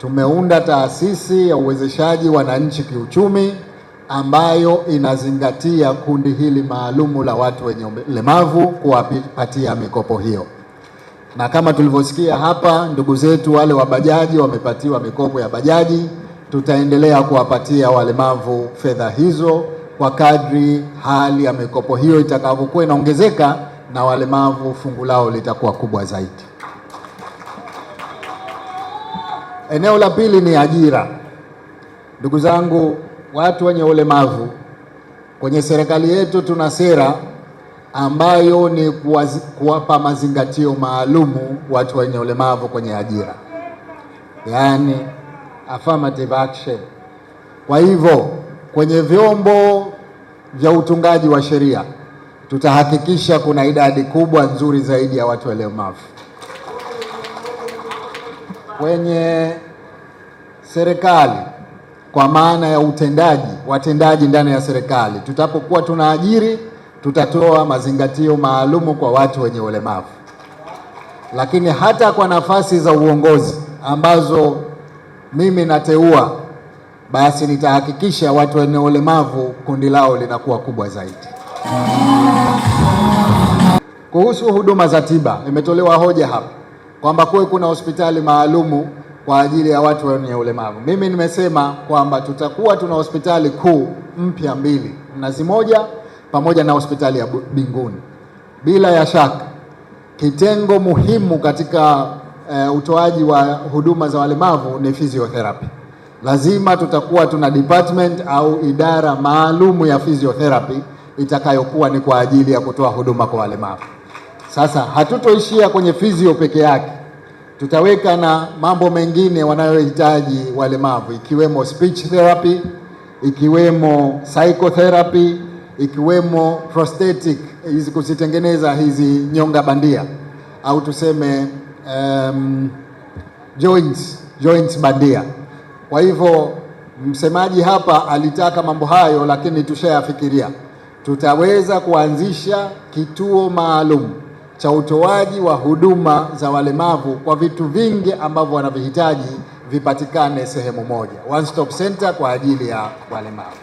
Tumeunda taasisi ya uwezeshaji wananchi kiuchumi ambayo inazingatia kundi hili maalumu la watu wenye ulemavu kuwapatia mikopo hiyo, na kama tulivyosikia hapa, ndugu zetu wale wa bajaji wamepatiwa mikopo ya bajaji. Tutaendelea kuwapatia walemavu fedha hizo kwa kadri hali ya mikopo hiyo itakavyokuwa inaongezeka na walemavu fungu lao litakuwa kubwa zaidi. Eneo la pili ni ajira. Ndugu zangu, watu wenye ulemavu, kwenye serikali yetu tuna sera ambayo ni kuwapa mazingatio maalumu watu wenye ulemavu kwenye ajira, yaani affirmative action. Kwa hivyo kwenye vyombo vya utungaji wa sheria tutahakikisha kuna idadi kubwa nzuri zaidi ya watu walemavu kwenye serikali kwa maana ya utendaji, watendaji ndani ya serikali, tutapokuwa tunaajiri tutatoa mazingatio maalumu kwa watu wenye ulemavu, lakini hata kwa nafasi za uongozi ambazo mimi nateua, basi nitahakikisha watu wenye ulemavu kundi lao linakuwa kubwa zaidi. Kuhusu huduma za tiba, imetolewa hoja hapa kwamba kuwe kuna hospitali maalumu kwa ajili ya watu wenye ulemavu. Mimi nimesema kwamba tutakuwa tuna hospitali kuu mpya mbili, Mnazi Moja pamoja na hospitali ya Binguni. Bila ya shaka kitengo muhimu katika uh, utoaji wa huduma za walemavu ni physiotherapy. Lazima tutakuwa tuna department au idara maalumu ya physiotherapy itakayokuwa ni kwa ajili ya kutoa huduma kwa walemavu. Sasa hatutoishia kwenye physio peke yake, tutaweka na mambo mengine wanayohitaji walemavu, ikiwemo speech therapy, ikiwemo psychotherapy, ikiwemo prosthetic hizi kuzitengeneza hizi nyonga bandia au tuseme um, joints, joints bandia. Kwa hivyo msemaji hapa alitaka mambo hayo, lakini tushayafikiria. Tutaweza kuanzisha kituo maalum cha utoaji wa huduma za walemavu kwa vitu vingi ambavyo wanavihitaji vipatikane sehemu moja, one stop center kwa ajili ya walemavu.